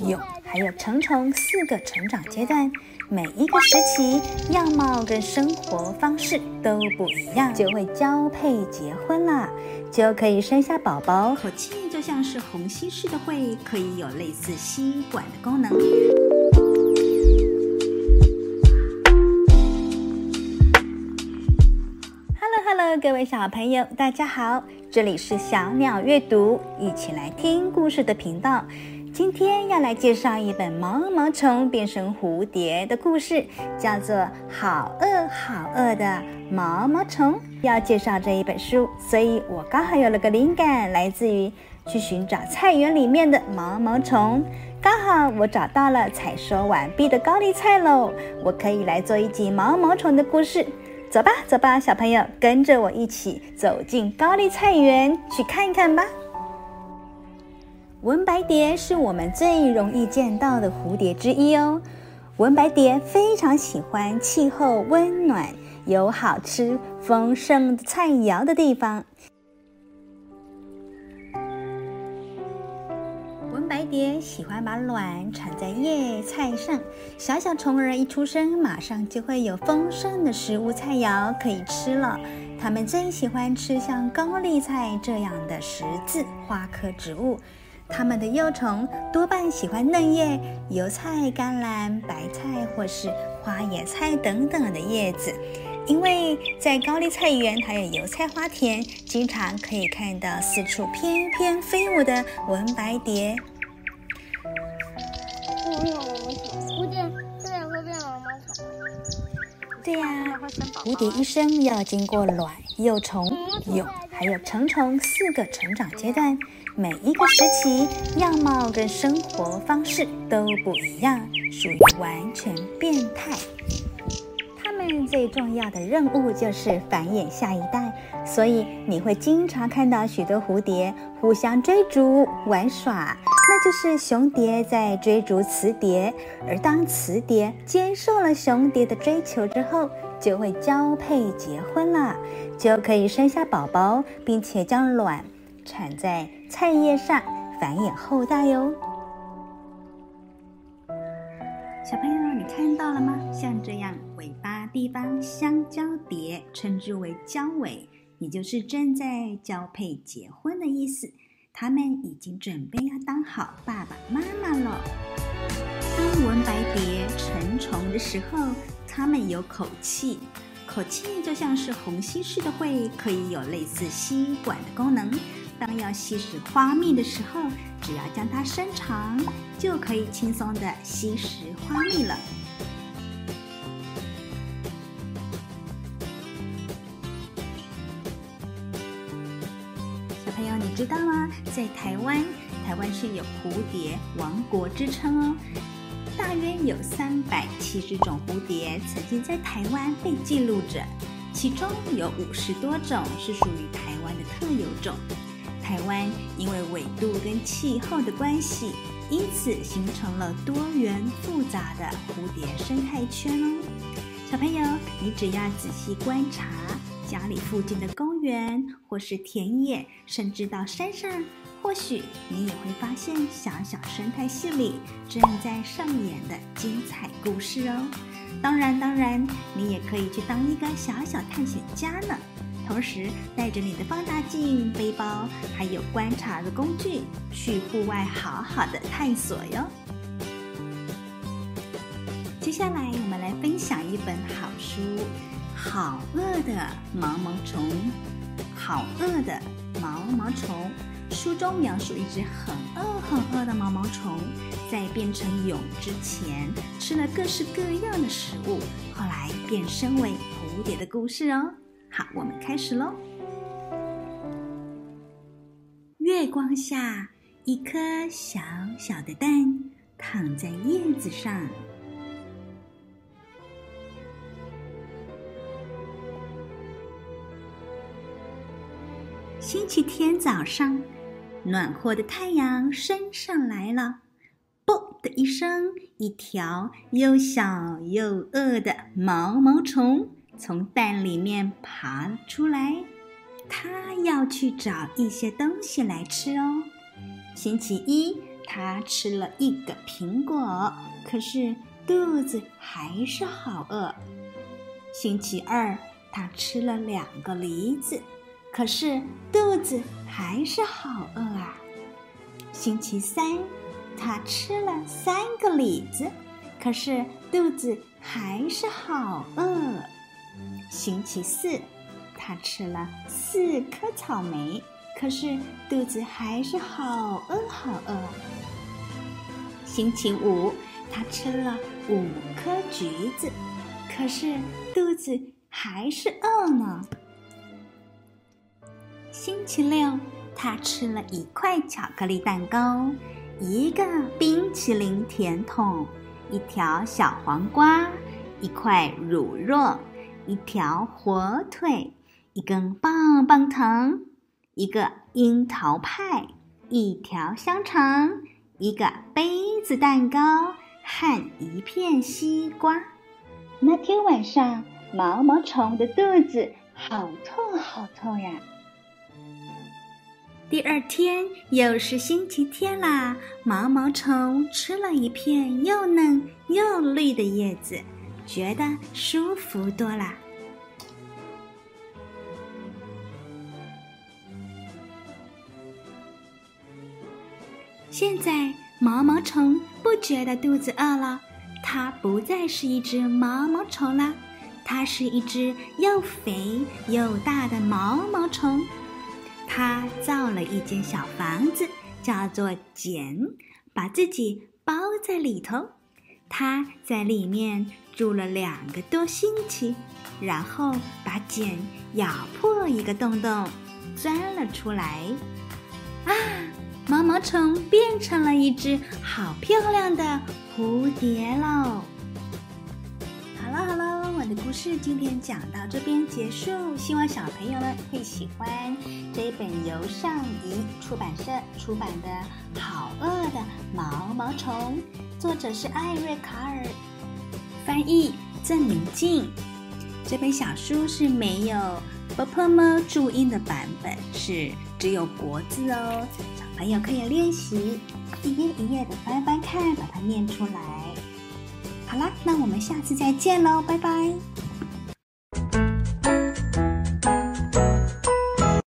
蛹，還有成蟲四個成長階段，每一個時期樣貌跟生活方式都不一樣，就會交配結婚啦，就可以生下寶寶。口器就像是虹吸式的喙，可以有類似吸管的功能。Hello Hello，各位小朋友，大家好，這裡是小鳥閱讀，一起來聽故事的頻道。今天要來介紹一本毛毛蟲變成蝴蝶的故事，叫做《好餓好餓的毛毛蟲》。要介紹這一本書，所以我剛好有了個靈感，來自於去尋找菜園裡面的毛毛蟲。剛好我找到了採收完畢的高麗菜嘍，我可以來做一集毛毛蟲的故事。走吧，走吧，小朋友，跟着我一起走進高麗菜園去看一看吧。紋白蝶是我們最容易見到的蝴蝶之一哦。紋白蝶非常喜歡氣候溫暖、有好吃豐盛的菜肴的地方。紋白蝶喜歡把卵產在葉菜上，小小蟲兒一出生，馬上就會有豐盛的食物菜肴可以吃了。它們最喜歡吃像高麗菜這樣的十字花科植物。它們的幼蟲多半喜歡嫩葉、油菜、甘藍、白菜或是花椰菜等等的葉子，因為在高麗菜園還有油菜花田，經常可以看到四處翩翩飛舞的紋白蝶、啊。蝴蝶會變，對呀，蝴蝶一生要經過卵幼、幼蟲、蛹。還有成蟲四個成長階段，每一個時期樣貌跟生活方式都不一樣，屬於完全變態。它們最重要的任務就是繁衍下一代，所以你會經常看到許多蝴蝶互相追逐玩耍，那就是雄蝶在追逐雌蝶，而當雌蝶接受了雄蝶的追求之後，就會交配結婚了，就可以生下寶寶，並且將卵產在菜葉上，繁衍後代喲。小朋友，你看到了嗎？像這樣尾巴地方相交疊，稱之為交尾，也就是正在交配結婚的意思。它們已經準備要當好爸爸媽媽了。當紋白蝶成蟲的時候。它們有口器，口器就像是虹吸式的喙，可以有類似吸管的功能。當要吸食花蜜的時候，只要將它伸長，就可以輕鬆的吸食花蜜了。小朋友，你知道嗎？在台灣，台灣是有蝴蝶王國之稱哦。大約有三百七十種蝴蝶曾經在台灣被記錄着，其中有五十多種是屬於台灣的特有種。台灣因為緯度跟氣候的關係，因此形成了多元複雜的蝴蝶生態圈哦。小朋友，你只要仔細觀察家裡附近的公園或是田野，甚至到山上。或許你也會發現小小生態系裡正在上演的精彩故事哦。當然，當然，你也可以去當一個小小探險家呢，同時帶着你的放大鏡、背包還有觀察的工具去戶外好好的探索喲。接下來我們來分享一本好書，好茅茅《好餓的毛毛蟲》。好餓的毛毛蟲。書中描述一只很餓很餓的毛毛蟲，在變成蛹之前吃了各式各樣的食物，後來變身為蝴蝶的故事哦。好，我們開始嘍。月光下，一顆小小的蛋躺在葉子上。星期天早上。暖和的太陽升上來了，啵的一聲，一條又小又餓的毛毛蟲從蛋裡面爬出來。它要去找一些東西來吃哦。星期一，它吃了一個蘋果，可是肚子還是好餓。星期二，它吃了兩個梨子。可是肚子還是好餓啊！星期三，他吃了三個李子，可是肚子還是好餓。星期四，他吃了四顆草莓，可是肚子還是好餓好餓。星期五，他吃了五顆橘子，可是肚子還是餓呢。星期六，他吃了一塊巧克力蛋糕，一個冰淇淋甜筒，一條小黃瓜，一塊乳酪，一條火腿，一根棒棒糖，一個櫻桃派，一條香腸，一個杯子蛋糕，和一片西瓜。那天晚上，毛毛蟲的肚子好痛，好痛呀、啊！第二天又是星期天啦，毛毛蟲吃了一片又嫩又綠的葉子，覺得舒服多了。現在毛毛蟲不覺得肚子餓了，它不再是一隻毛毛蟲了，它是一隻又肥又大的毛毛蟲。他造了一間小房子，叫做繭，把自己包在裡頭。他在裡面住了兩個多星期，然後把繭咬破一個洞洞，鑽了出來。啊，毛毛蟲變成了一隻好漂亮的蝴蝶嘍！故事今天講到這邊結束，希望小朋友們會喜歡這一本由上誼出版社出版的《好餓的毛毛蟲》，作者是艾瑞卡爾，翻譯鄭明進。這本小書是沒有 ㄅㄆㄇ 注音的版本，是只有國字哦，小朋友可以練習一頁一頁的翻翻看，把它念出來。好啦，那我們下次再見嘍，拜拜。